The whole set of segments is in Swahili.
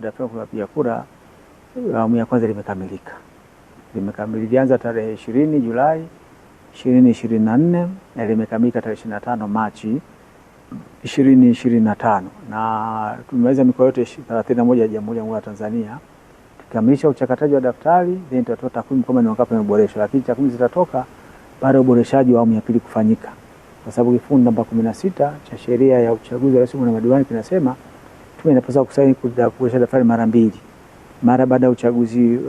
baada ya kupiga kura, awamu ya kwanza limekamilika limekamilika, ilianza tarehe ishirini Julai ishirini ishirini na nne na limekamilika tarehe ishirini na tano Machi ishirini ishirini na tano na tumeweza mikoa yote thelathini na moja ya Jamhuri ya Muungano wa Tanzania. Tukikamilisha uchakataji wa daftari, then tutatoa takwimu kama ni wangapi wameboreshwa, lakini takwimu zitatoka baada ya uboreshaji wa awamu ya pili kufanyika, kwa sababu kifungu namba kumi na sita cha sheria ya uchaguzi wa rais na madiwani kinasema tume inapaswa kusaini kuwasilisha daftari mara mbili, mara baada ya uchaguzi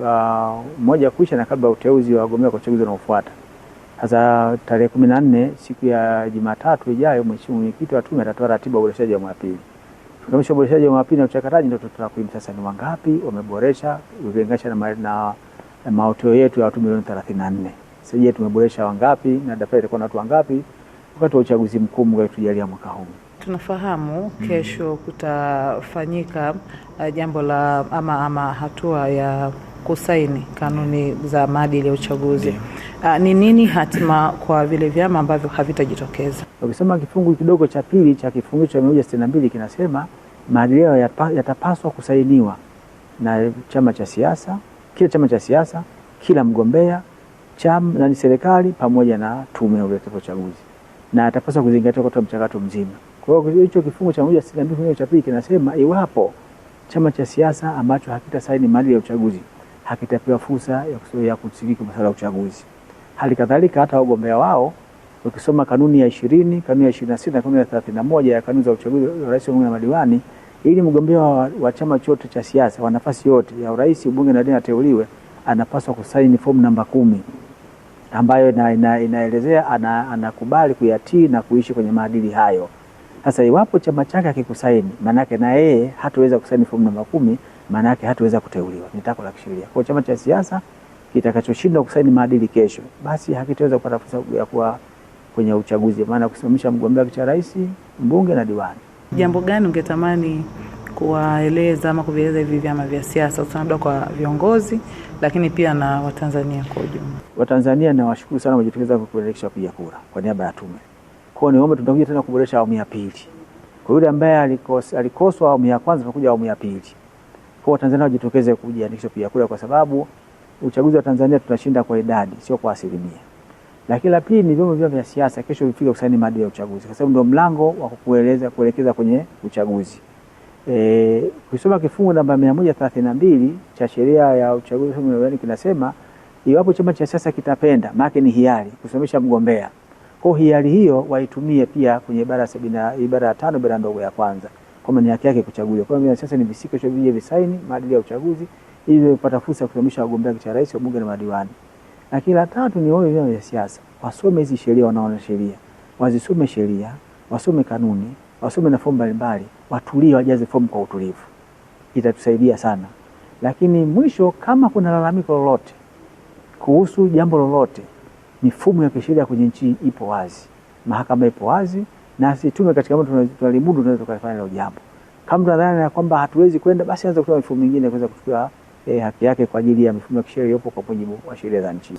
mmoja uh, kuisha na kabla ya uteuzi wa wagombea kwa uchaguzi unaofuata. Sasa tarehe kumi na nne siku ya Jumatatu ijayo, mheshimiwa mwenyekiti wa tume atatoa ratiba ya uboreshaji wa mapili. ya pili. Tukamilisha uboreshaji wa awamu na uchakataji, ndio tutatoa takwimu sasa ni wangapi wameboresha ukilinganisha na, na, na, maoteo yetu ya watu milioni 34. Sasa je, tumeboresha wangapi na daftari itakuwa na watu wangapi wakati wa uchaguzi mkuu mgaitujalia mwaka huu. Tunafahamu kesho mm-hmm. kutafanyika uh, jambo la ama, ama hatua ya kusaini kanuni mm-hmm. za maadili ya uchaguzi. Uh, ni nini hatima kwa vile vyama ambavyo havitajitokeza? Ukisoma kifungu kidogo cha pili cha kifungu cha 162 kinasema maadili hayo yatapaswa kusainiwa na chama cha siasa, kila chama cha siasa, kila mgombea, chama na serikali pamoja na tume ya uchaguzi, na yatapaswa kuzingatiwa katika mchakato mzima. Kwa hiyo hicho kifungu cha moja 162 cha pili kinasema iwapo chama cha siasa ambacho hakita saini mali ya uchaguzi hakitapewa fursa ya kushiriki masuala ya uchaguzi. Hali kadhalika hata wagombea wao ukisoma kanuni ya ishirini, kanuni ya ishirini na sita, kanuni ya thelathini na moja ya kanuni za uchaguzi wa rais, wabunge na madiwani, ili mgombea wa chama chote cha siasa wa nafasi yote ya urais, ubunge na madiwani ateuliwe, anapaswa kusaini fomu namba kumi ambayo inaelezea ina, ina anakubali ana kuyatii na kuishi kwenye maadili hayo. Sasa iwapo chama chake akikusaini, maanake na yeye hataweza kusaini fomu namba kumi, maanake hataweza kuteuliwa. Ni tako la kisheria. Kwa chama cha siasa kitakachoshindwa kusaini maadili kesho, basi hakitaweza kupata fursa ya kuwa kwenye uchaguzi, maana kusimamisha mgombea kiti rais, mbunge na diwani. Jambo gani ungetamani kuwaeleza ama kuvieleza hivi vyama vya siasa hususan labda kwa viongozi, lakini pia na Watanzania kwa ujumla? Watanzania nawashukuru sana wamejitokeza kuelekesha kupiga kura kwa niaba ya tume. Kwa hiyo niombe, tunakuja tena kuboresha awamu ya pili. Kwa yule ambaye alikos, alikoswa awamu ya kwanza, tunakuja awamu ya pili. Kwa Tanzania wajitokeze kujiandikisha kupiga kura, kwa sababu uchaguzi wa Tanzania tunashinda kwa idadi, sio kwa asilimia. Lakini la pili ni vyombo vyao vya siasa, kesho vifike kusaini maadili ya uchaguzi, kwa sababu ndio mlango wa kukueleza kuelekeza kwenye uchaguzi. E, kusoma kifungu namba 132 cha sheria ya uchaguzi kinasema, iwapo chama cha siasa kitapenda, maana ni hiari kusomesha mgombea kwa hiari hiyo waitumie pia kwenye ibara ya ibara ya tano ibara ndogo ya kwanza kwa maana yake yake kuchaguliwa. Kwa hiyo sasa ni visikesho vije visaini maadili ya uchaguzi ili kupata fursa ya kutumisha wagombea kiti cha rais, wabunge na madiwani. Na kila tatu ni wale vyama vya siasa wasome hizi sheria, wanaona sheria wazisome sheria, wasome kanuni, wasome na fomu mbalimbali, watulie, wajaze fomu kwa utulivu, itatusaidia sana. Lakini mwisho, kama kuna lalamiko lolote kuhusu jambo lolote mifumo ya kisheria kwenye nchi ipo wazi, mahakama ipo wazi, na sisi tume katika mambo tunalimudu, tunaweza kufanya hilo jambo. Kama tunadhani kwamba hatuwezi kwenda, basi anza kutoa mifumo mingine kuweza kuchukua eh, haki yake kwa ajili ya mifumo ya kisheria iliyopo kwa mujibu wa sheria za nchi.